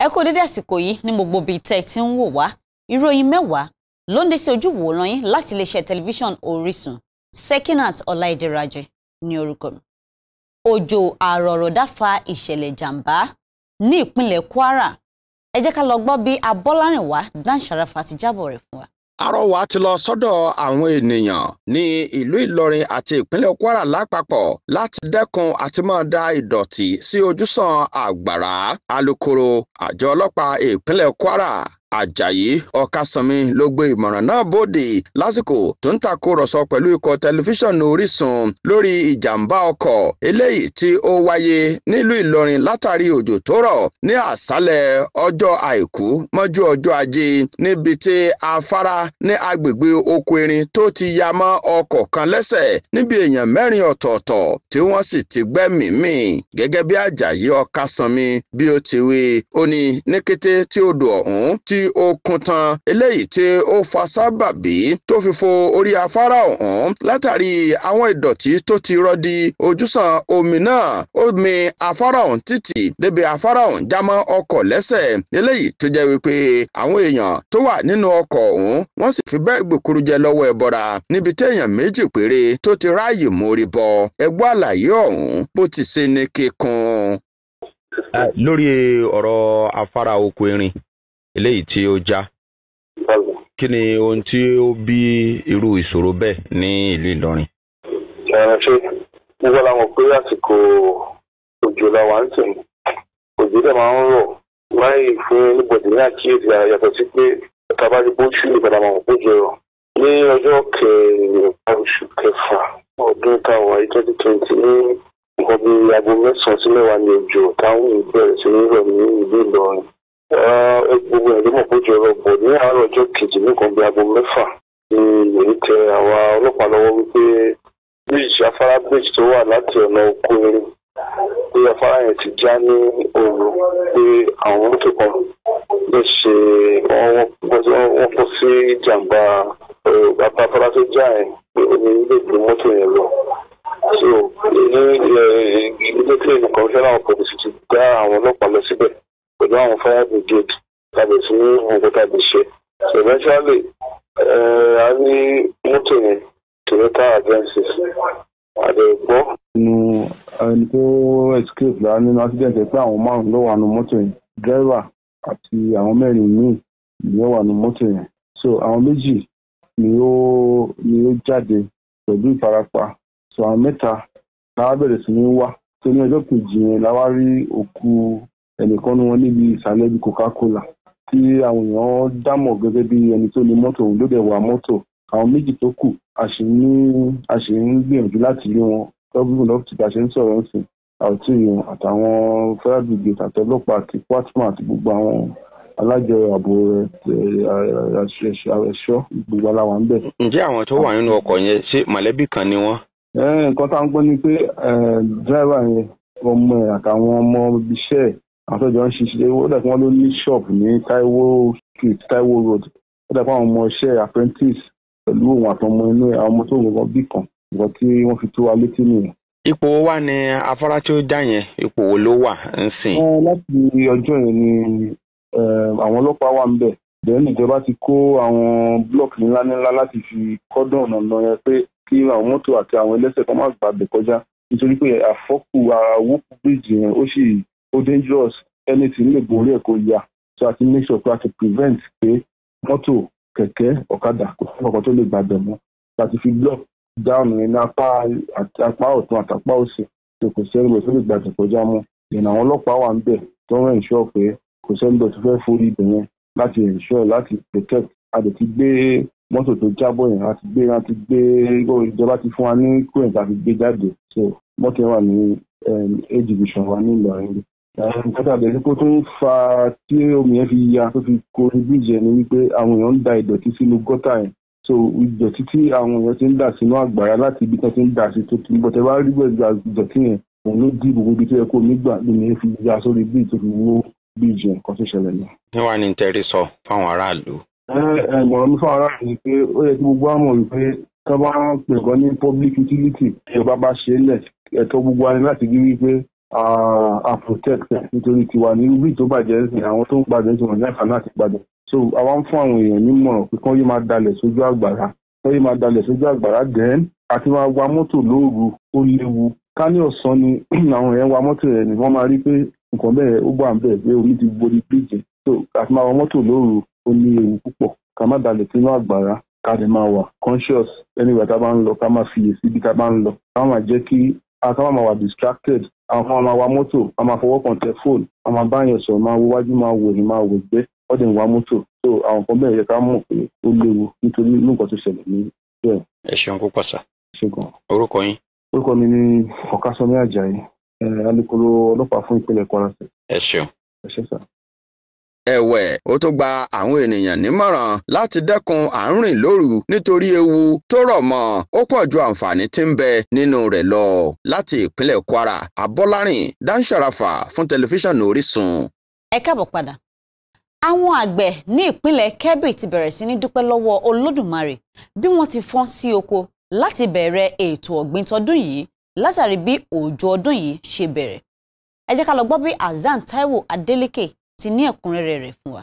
ẹ kú dédé àsìkò yìí ní gbogbo ibi tẹ́ ẹ ti ń wò wá ìròyìn mẹ́wàá ló ń dé sí ojú wòran yín láti iléeṣẹ́ tẹlifíṣàn Orísun Sekinat Ọláìdíraje ní orúkọ mi. òjò àrọ̀rọ̀dá fa ìṣẹ̀lẹ̀ jàǹbá ní ìpínlẹ̀ Kwara ẹ jẹ́ ká lọ gbọ́ bí Abọ́lárìnwá Dan Sharafa ti jábọ̀ rẹ̀ fún wa àrọwà ti lọ sọ́dọ̀ àwọn ènìyàn ní ìlú Ìlọrin àti ìpínlẹ̀ Kwara lápapọ̀ láti dẹ́kun àti máa da ìdọ̀tí sí ojúsàn àgbàrá alukoro àjọ ọlọ́pàá ìpínlẹ̀ Kwara Àjàyí Ọ̀kásánmi ló gbé ìmọ̀ràn náà bóde lásìkò tó ń takòrọ̀sọ pẹ̀lú ikọ̀ tẹlifíṣàn Orísun lórí ìjàmbá ọkọ̀ eléyìí tí ó wáyé nílùú Ìlọrin látàrí òjò tó rọ̀ ní àṣálẹ̀ ọjọ́ àìkú mọ́jú ọjọ́ ajé níbi tí afárá ní agbègbè oko erin tó ti ya mọ́ ọkọ̀ kan lẹ́sẹ̀ níbi èèyàn mẹ́rin ọ̀tọ̀ọ̀tọ̀ tí wọ́n sì ti gbẹ́mìí gẹ́gẹ́ bí Àjàyí Ọ̀kásánmi bí ó ti okun tan eléyìí tí ó fa sábàbí tó fi fo orí afárá ọ̀hún látàrí àwọn ìdọ̀tí tó ti rọdi ojúsàn omi náà omi afárá ọ̀hún títì débi afárá ọ̀hún já mọ́ ọkọ̀ lẹ́sẹ̀ eléyìí tó jẹ́ wípé àwọn èèyàn tó wà nínú ọkọ̀ ọ̀hún wọ́n sì fi bẹ́ẹ̀ gbòkúrú jẹ lọ́wọ́ ẹbọra níbi téèyàn méjì péré tó ti ráàyè mórí bọ ẹgbẹ́ àlàyé ọ̀hún bó ti ṣe ní kíkún. lórí ọ̀rọ̀ afárá oko erin eléyìí tí ó já kí ni ohun tí ó bí irú ìṣòro bẹ́ẹ̀ ní ìlú Ìlọrin. ẹ̀rọ ṣe nígbà láwọn pé àsìkò òjò làwọn ń sìn òjò dẹ̀ máa ń rọ̀ láì fún níbọ̀dé ní àkíyèsí yàtọ̀ sí pé ẹ̀ka bá ti bójú ìgbàlá máa wọ̀ bójú ẹ̀rọ. ní ọjọ́ kẹrìnlá oṣù kẹfà ọdún táwọn ayé twenty twenty ní nǹkan bíi aago mẹ́sàn-án sí mẹ́wàá ní òjò táwọn ìbẹ̀rẹ̀ sí ní rọ̀ ní ìlú Ìlọrin gbogbo ẹ̀rí mọ̀ pé jọ rọ̀ bọ̀ ní àárọ̀ ọjọ́ kejì ní nǹkan bíi aago mẹ́fà ni èyí tẹ àwa ọlọ́pàá lọ́wọ́ wípé bíríjì afárá bíríjì tó wà láti ọ̀nà oko erin pé afárá yẹn ti já ní òru pé àwọn mọ́tò kan lè ṣe wọ́n kó sí ìjàmbá afárá tó já yẹn pé omi lè gbé mọ́tò yẹn lọ so ní ilé tí ènìyàn kan fẹ́ràn ọ̀pọ̀ kò sì ti dá àwọn ọlọ́pàá lọ síbẹ̀ pẹ̀lú àwọn fire brigade tàbí sí ní nǹkan tàbí ṣe eventually a ní mọ́tò yẹn Toyota Avensis àdẹ̀gbọ́. nínú ẹni tó escape lára nínú accident ẹ pé àwọn márùn-ún ló wà nínú mọ́tò yẹn driver àti àwọn mẹ́rin míì ló wà nínú mọ́tò yẹn so àwọn méjì ni ó ni ó jáde pẹ̀lú ìfarapa so àwọn mẹ́ta làwọn bẹ̀rẹ̀ sí ní wá tó ní ọjọ́ kejì yẹn làwọn rí òkú ẹnìkan ní wọn níbi ìsàlẹ̀ bíi coca-cola tí àwọn èèyàn dámọ̀ gẹ́gẹ́ bí ẹni tó ní mọ́tò òun ló dẹ̀ wà mọ́tò àwọn méjì tó kù a sì ń a sì ń gbìyànjú láti rí wọn lọ́gbọ̀n lọ́pọ̀ tí a ṣe ń sọ̀rọ̀ ń sìn àti èèyàn àtàwọn federal brigade àtọlọ́pàá àti partner àti gbogbo àwọn alájọ ààbò ẹ̀ṣọ́ gbogbo aláwa ń bẹ̀. ǹjẹ́ àwọn tó wà nínú ọkọ̀ yẹn ṣé mọ̀lẹ́bí kan ni wọ́n. nǹkan tá à ń gbọ́ ni pé dírẹ́wà yẹn ọmọ ẹ̀ àtàwọn ọmọ ibiṣẹ́ ẹ̀ àtọ́jọ́ ń ṣiṣẹ́ ó dàbí wọ́n ló ní ṣọ́ọ̀bù ní Taiwo street Taiwo road ó dàbí àwọn ọmọọṣẹ́ apprentice pẹ̀lú òun àtọmọ inú àwọn ọmọ tó gbọ̀ngàn bí kan nǹkan tí wọ́n fi tó wa létí nìyẹn. ipò wo wá ni afárá tí ó já yẹn ipò wo ló wà ń sìn. láti ọjọ́ yẹn ni àwọn ọlọ́pàá wà ń bẹ̀ bẹ́ẹ̀ni ìjọba ti kó àwọn blọọkì ńláńlá láti fi kọ́dọ̀nà ọ̀nà yẹn pé kí àwọn mọ́tò àti àwọn ẹlẹ́sẹ̀ kan má gbàgbé kọjá nítorí pé àfọ́kù àwòkù bíríìjì yẹn ó sì ó dangerous anything lè borí ẹ̀ kó yá so àti make sure pé a ti prevent pé mọ́tò kẹ̀kẹ́ ọ̀kadà kò fún ọkọ̀ tó lè gbàgbẹ̀ mọ́ láti fi block down ní apá ọ̀tún àtàpá òsì tó kò sẹ́ni bẹ̀ tó lè gbàgbẹ̀ kọjá mọ́ ìyẹn àwọn ọlọ́pàá wà ń bẹ̀ tó ń ensure pé kò sẹ́ni bẹ̀ tó fẹ́ forí ibẹ̀ yẹn láti ensure láti protect a dẹ̀ ti gbé mọ́tò tó jábọ̀ yẹn a ti gbé a ti gbé ìjọba ti fún wa ní kúrẹ̀ǹtì a ti gbé jáde so mọ́tò yẹn wà ní um, a division wa ní Ìlọrin nǹkan tàbí ẹni kó tó ń fa tí omi yẹn fi ya tó fi korí bíjẹ ni wípé àwọn èèyàn ń da ìdọ̀tí sínú gọ́tà yẹn so ìdọ̀tí tí àwọn èèyàn ti ń dà sínú àgbàrá láti ibi tí wọ́n ti ń dà sí tó ti ń bọ̀ tẹ́ bá rí bẹ́ẹ̀ ìdọ̀tí yẹn òun ló dì gbogbo ibi tó yẹ kó omi gbà lómi yẹn fi ya sórí bíi tó fi wó bíjẹ nǹkan tó ṣẹlẹ̀ náà. níwá ni tẹ́rí sọ fáwọn aráàlú. ẹ̀mọ̀ràn mi fáwọn aráàlú ni pé ó yẹ kí gbogbo àmọ̀ wípé tó bá ń pè gan ní public utility ìjọba bá ṣe é lẹ̀ ẹ̀tọ́ gbogbo wa ni láti rí wípé a protect ẹ̀ nítorí tiwa ní ibi tó bàjẹ́ ẹ̀sìn àwọn tó ń gbàdúrà tí wọ́n ní àǹfààní àti gbàdúrà so àwa ń fún àwọn èèyàn nímọ̀ràn pé kán yé máa dalẹ̀ sójú àgbàrá kán yé máa dalẹ̀ sójú àgbàrá then àti máa wa mọ́tò lóru ó léwu ká ní ọ̀sán ni àwọn èèyàn wa mọ́tò rẹ̀ ni wọ́n máa rí pé nǹkan bẹ́ẹ̀ ó gbà ń bẹ̀ pé omi ti gbórí bíjì so àti máa wa mọ́tò lóru ó ní ewu púpọ̀ ká má dalẹ̀ sínú àgbàrá ká lè máa wà conscious anywhere tá a bá ń lọ ká má fiyèsí bí tá a bá ń lọ ká má jẹ́ kí ká má wà distracted àwọn kan máa wa mọ́tò wọ́n máa fọwọ́ kan tẹ fóònù wọ́n máa báyàn sọ̀rọ̀ máa wo wájú máa wò ní máa wò gbẹ́ wọ́n dẹ̀ ń wa mọ́tò so àwọn kan bẹ́ẹ̀ yẹ ká mọ̀ pé ó léwu nítorí nǹkan tó ṣẹlẹ̀ ní bẹ́ẹ̀. ẹ ṣeun púpọ̀ sá. ṣùgbọ́n orúkọ yín. orúkọ mi ni ọ̀kasọ́mí àjàyí eh, alukoro ọlọ́pàá fún ìpínlẹ̀ Kwara. ẹ ṣeun. ẹ ṣe sá ẹ̀wẹ̀ ó tó gba àwọn ènìyàn nímọ̀ràn láti dẹ́kun à ń lóru nítorí ewu tó rọ̀ mọ́ ó pọ̀ ju àǹfààní tí ń bẹ nínú rẹ̀ lọ láti ìpínlẹ̀ Kwara Abọ́lárìn Dáńsàràfà fún tẹlifíṣàn Orísun. ẹ káàbọ̀ padà àwọn àgbẹ̀ ní ìpínlẹ̀ Kebbi ti bẹ̀rẹ̀ sí ní dúpẹ́ lọ́wọ́ Olódùmarè bí wọ́n ti fọ́n sí oko láti bẹ̀rẹ̀ ètò ọ̀gbìn tọdún yìí látàrí bí òjò ọdún yìí ṣe bẹ̀rẹ̀ ẹ jẹ́ ká lọ gbọ́ bí Hasan Taiwo Adeleke ti ní ẹ̀kúnrẹ́rẹ́ rẹ̀ fún wa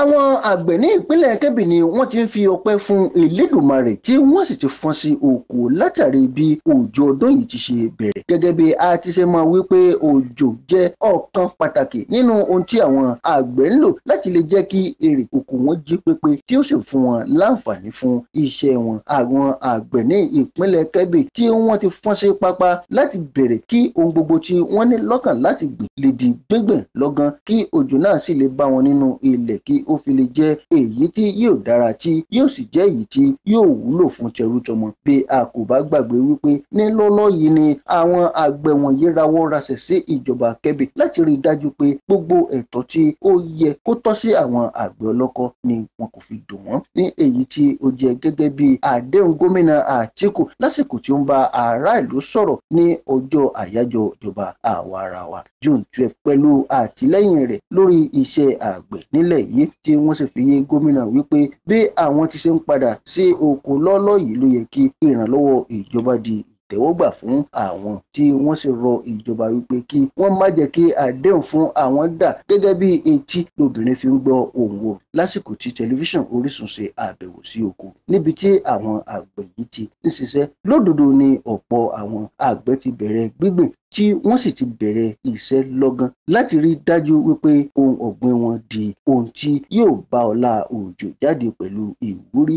àwọn àgbẹ̀ ní ìpínlẹ̀ Kebbi ni wọ́n ti ń fi ọpẹ́ fún Elédùmarè tí wọ́n sì ti fọ́n sí oko látàrí bí òjò ọdún yìí ti ṣe bẹ̀rẹ̀ gẹ́gẹ́ bí a ti ṣe máa wí pé òjò jẹ́ ọ̀kan pàtàkì nínú ohun tí àwọn àgbẹ̀ ń lò láti lè jẹ́ kí èrè oko wọn jí pépé tí ó sì fún wọn láǹfààní fún iṣẹ́ wọn àwọn àgbẹ̀ ní ìpínlẹ̀ Kebbi tí wọ́n ti fọ́n sí pápá láti bẹ̀rẹ̀ kí ohun gbogbo tí wọ́n ní lọ́kàn láti gbìn lè di gbígbìn lọ́gán kí òjò náà sì lè bá wọn nínú ilẹ̀ kí ó fi lè jẹ́ èyí tí yóò dára tí yóò sì jẹ́ èyí tí yóò wúlò fún tẹrútọmọ bí a kò bá gbàgbé wípé ní lọ́lọ́ yìí ni àwọn àgbẹ̀ wọ̀nyí rawọ́ rasẹ̀ sí ìjọba kẹ́bì láti rí i dájú pé gbogbo ẹ̀tọ́ tí ó yẹ kó tọ́ sí àwọn àgbẹ̀ ọlọ́kọ́ ni wọn kò fi dùn wọ́n ní èyí tí ó jẹ gẹ́gẹ́ bí àdéhùn gómìnà Àtíkù lásìkò tí ó ń bá aráàlú sọ̀rọ̀ ní ọjọ́ àyájọ́ ìjọba àwarawa June twelve pẹ̀lú àtìlẹ́yìn rẹ̀ lórí iṣẹ́ àgbẹ̀ nílẹ̀ yìí tí wọ́n sì fi yé gómìnà wípé bí àwọn ti ṣe ń padà sí oko lọ́lọ́ yìí ló yẹ kí ìrànlọ́wọ́ ìjọba di ìtẹ́wọ́gbà fún àwọn tí wọ́n sì rọ ìjọba wípé kí wọ́n má jẹ́ kí àdéhùn fún àwọn dà gẹ́gẹ́ bí etí lóbìnrin fi ń gbọ́ ohùn o lásìkò tí tẹlifíṣàn Orísun ṣe àbẹ̀wò sí oko níbi tí àwọn àgbẹ̀ yìí ti ń ṣiṣẹ́ lódodo ni ọ̀pọ̀ àwọn àgbẹ̀ ti bẹ̀rẹ̀ gbígbìn tí wọ́n sì ti bẹ̀rẹ̀ iṣẹ́ lọ́gán láti rí dájú wípé ohun ọ̀gbìn wọn di ohun tí yóò bá ọlá òjò jáde pẹ̀lú ìwúrí.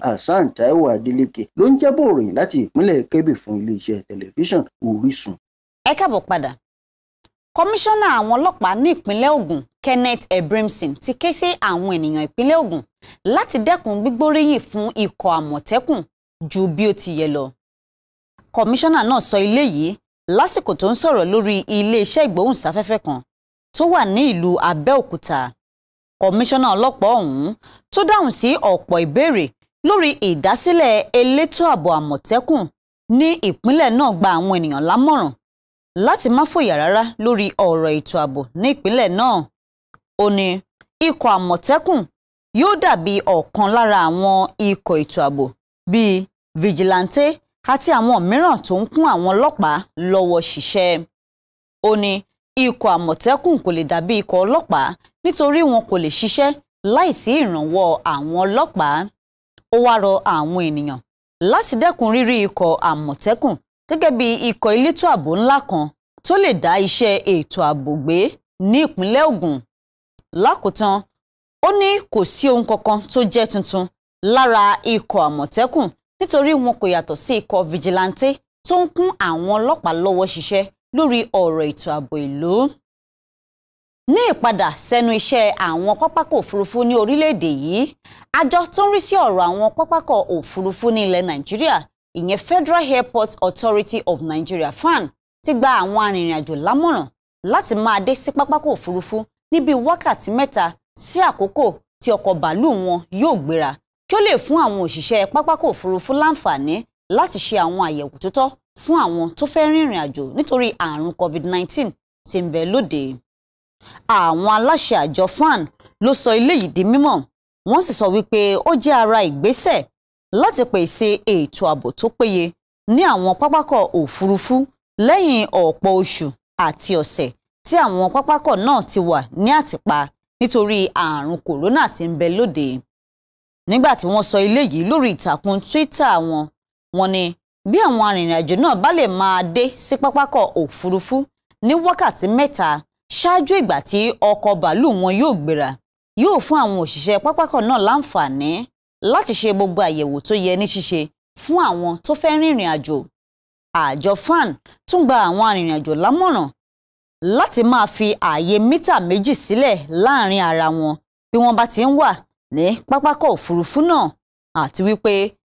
Hasan Taiwo Adeleke ló ń jábọ̀ ròyìn láti ìpínlẹ̀ Kebbi fún iléeṣẹ́ tẹlifíṣàn Orísun. Ẹ káàbọ̀ padà kọmíṣánná àwọn ọlọ́pàá ní ìpínlẹ̀ Ògùn Kenneth Ebremson ti ké sí àwọn ènìyàn ìpínlẹ̀ Ògùn láti dẹ́kun gbígbóríyìn fún ikọ̀ Àmọ̀tẹ́kùn ju bí ó ti yẹ lọ kọmíṣánná náà sọ eléyìí lásìkò tó ń sọ̀rọ̀ lórí iléeṣẹ́ ìgbóhùnsáfẹ́fẹ́ kan tó wà ní ìlú Abẹ́òkúta kọmíṣánná ọlọ́pàá ọ̀hún tó dáhùn sí ọ̀pọ̀ ìbéèrè lórí ìdásílẹ̀ elétò ààbò Àmọ̀tẹ́kùn ní ìpínlẹ̀ náà gba àwọn ènìyàn lámọ̀ràn láti má fòyà rárá lórí ọ̀rọ̀ ètò ààbò ní ìpínlẹ̀ náà ó ní ikọ̀ Àmọ̀tẹ́kùn yóò dàbí ọ̀kan lára àwọn ikọ̀ ètò ààbò bíi vigilante àti àwọn mìíràn tó ń kún àwọn ọlọ́pàá lọ́wọ́ ṣiṣẹ́ ó ní ikọ̀ àmọ̀tẹ́kùn kò lè dàbí ikọ̀ ọlọ́pàá nítorí wọn kò lè ṣiṣẹ́ láìsí ìrànwọ́ àwọn ọlọ́pàá ó wá rọ àwọn ènìyàn láti dẹ́kun rírí ikọ̀ àmọ̀tẹ́kùn gẹ́gẹ́ bí ikọ̀ elétò ààbò ńlá kan tó lè dá iṣẹ́ ètò ààbò gbé ní ìpínlẹ̀ Ògùn lákòótán ó ní kò sí ohun kankan tó jẹ́ tuntun lára ikọ̀ àmọ̀tẹ́kùn nítorí wọn kò yàtọ̀ sí ikọ̀ fìjìláńtẹ́ tó ń kún àwọn ọlọ́pàá lọ́wọ́ ṣiṣẹ́ lórí ọ̀rọ̀ ètò ààbò ìlú. ní ìpadà sẹ́nu iṣẹ́ àwọn pápákọ̀ òfurufú ní orílẹ̀-èdè yìí àjọ tó ń rí sí ọ̀rọ̀ àwọn pápákọ̀ òfurufú ní ilẹ̀ nàìjíríà ìyẹn Federal Airport Authority of Nigeria FAN ti gba àwọn arìnrìnàjò lámọ̀ràn láti máa dé sí pápákọ̀ òfurufú ní bíi wákàtí mẹ́ta sí àkókò tí ọkọ̀ bàálù wọn yóò gbéra kí ó lè fún àwọn òṣìṣẹ́ pápákọ̀ òfurufú láǹfààní láti ṣe àwọn àyẹ̀wò tó tọ́ fún àwọn tó fẹ́ rìnrìn àjò nítorí àrùn COVID-19 tí ń bẹ lóde. àwọn aláṣẹ àjọ FAN ló sọ eléyìí di mímọ̀ wọ́n sì sọ wípé ó jẹ́ ara ìgbésẹ̀ láti pèsè ètò ààbò tó péye ní àwọn pápákọ̀ òfurufú lẹ́yìn ọ̀pọ̀ oṣù àti ọ̀sẹ̀ tí àwọn pápákọ̀ náà ti wà ní àtìpa nítorí àrùn kòrónà tí ń bẹ lóde nígbà tí wọ́n sọ ilé yìí lórí ìtàkùn Twitter wọn wọ́n ní bí àwọn arìnrìnàjò náà bá lè máa dé sí pápákọ̀ òfurufú ní wákàtí mẹ́ta ṣáájú ìgbà tí ọkọ̀ bàálù wọn yóò gbéra yóò fún àwọn òṣìṣẹ́ pápákọ̀ náà láǹfààní láti ṣe gbogbo àyẹ̀wò tó yẹ ní ṣíṣe fún àwọn tó fẹ́ rìnrìn àjò àjọ fan tún gba àwọn arìnrìnàjò lámọ̀ràn láti máa fi ààyè mítà méjì sílẹ̀ láàrin ara wọn bí wọ́n bá ti ń wà ní pápákọ̀ òfurufú náà àti wípé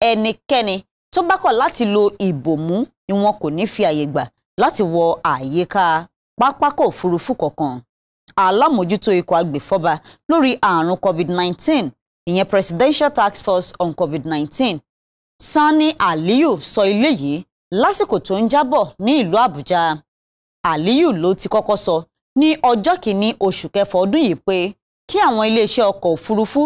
ẹnikẹ́ni tó bá kọ̀ láti lo ìbòmú ni wọn kò ní fi àyè gbà láti wọ àyíká pápákọ̀ òfurufú kankan alámòjútó ikọ̀ agbèfọ́ba lórí àrùn covid-19 ìyẹn presidential task force on covid-19 Sani Aliyu sọ ilé yìí lásìkò tó ń jábọ̀ ní ìlú Àbújá Aliyu ló ti kọ́kọ́ sọ ní ọjọ́ kìíní oṣù kẹfà ọdún yìí pé kí àwọn iléeṣẹ́ ọkọ̀ òfurufú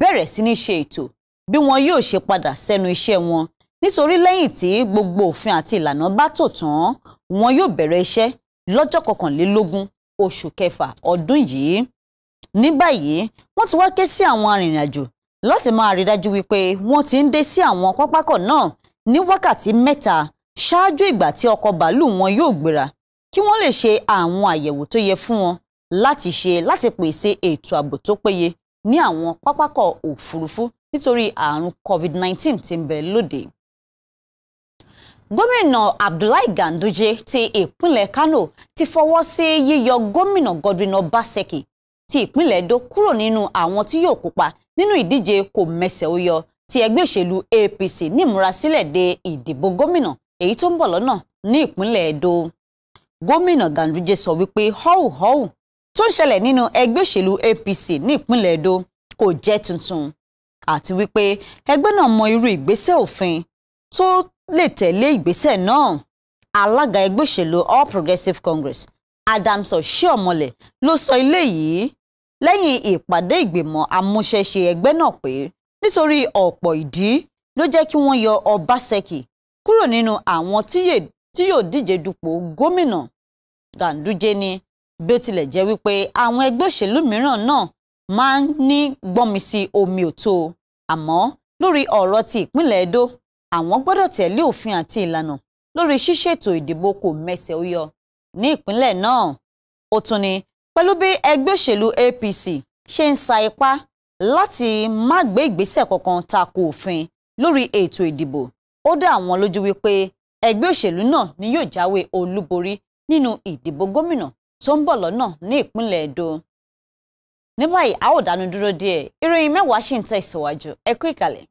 bẹ̀rẹ̀ sí ní ṣe ètò bí wọn yóò ṣe padà sẹ́nu iṣẹ́ wọn nítorí lẹ́yìn tí gbogbo òfin àti ìlànà bá tò tán wọn yóò bẹ̀rẹ̀ iṣẹ́ lọ́jọ́ kọkànlélógún oṣù kẹfà ọdún yìí ní báyìí wọ́n ti wá ké sí àwọn arìnrìnàjò láti máa rí dájú wípé wọ́n ti ń dé sí àwọn pápákọ̀ náà ní wákàtí mẹ́ta ṣáájú ìgbà tí ọkọ̀ bàálù wọn yóò gbéra kí wọ́n lè ṣe àwọn àyẹ̀wò tó yẹ fún wọn láti ṣe láti pèsè ètò ààbò tó péye ní àwọn pápákọ̀ òfurufú nítorí àrùn covid-19 tí ń bẹ lóde. Gómìnà Abdullahi Ganduje ti ìpínlẹ̀ Kano ti fọwọ́ sí yíyọ gómìnà Godwin Obaseki ti ìpínlẹ̀ Edo kúrò nínú àwọn tí yóò kópa nínú ìdíje kò mẹsẹ̀ ó ti ẹgbẹ́ òṣèlú APC ní ìmúrasílẹ̀ de ìdìbò gómìnà èyí tó ń bọ̀ lọ́nà ní ìpínlẹ̀ Edo. Gómìnà Ganduje sọ wípé họ́wùhọ́wù tó ń ṣẹlẹ̀ nínú ẹgbẹ́ òṣèlú APC ní Edo kò jẹ́ tuntun àti wípé ẹgbẹ́ náà mọ irú ìgbésẹ̀ òfin tó lè tẹ̀lé ìgbésẹ̀ náà alága ẹgbẹ́ òṣèlú All Progressives Congress Adams Oshiomhole ló sọ ilé yìí lẹ́yìn ìpàdé ìgbìmọ̀ amúṣẹ́ṣe ẹgbẹ́ náà pé nítorí ọ̀pọ̀ ìdí ló jẹ́ kí wọ́n yọ Obaseki kúrò nínú àwọn tí yóò díje dupò gómìnà Ganduje ni bí ó tilẹ̀ jẹ́ wípé àwọn ẹgbẹ́ òṣèlú mìíràn náà máa ń ní gbọ́nmisí omi òtó àmọ́ lórí ọ̀rọ̀ ti ìpínlẹ̀ Edo àwọn gbọ́dọ̀ tẹ̀lé òfin àti ìlànà lórí ṣíṣètò ìdìbò kò mẹsẹ̀ ó yọ ní ìpínlẹ̀ náà ó tún ní pẹ̀lú bí ẹgbẹ́ òṣèlú APC ṣe ń sa ipá láti má gbé ìgbésẹ̀ kankan tako òfin lórí ètò ìdìbò ó dá àwọn lójú wípé ẹgbẹ́ òṣèlú náà ni yóò jáwé olúborí nínú ìdìbò gómìnà tó ń bọ̀ lọ́nà ní ìpínlẹ̀ Edo ní báyìí a ó dánu dúró díẹ̀ ìròyìn mẹ́wàá sì ń tẹ̀síwájú ẹ kú ìkàlẹ̀.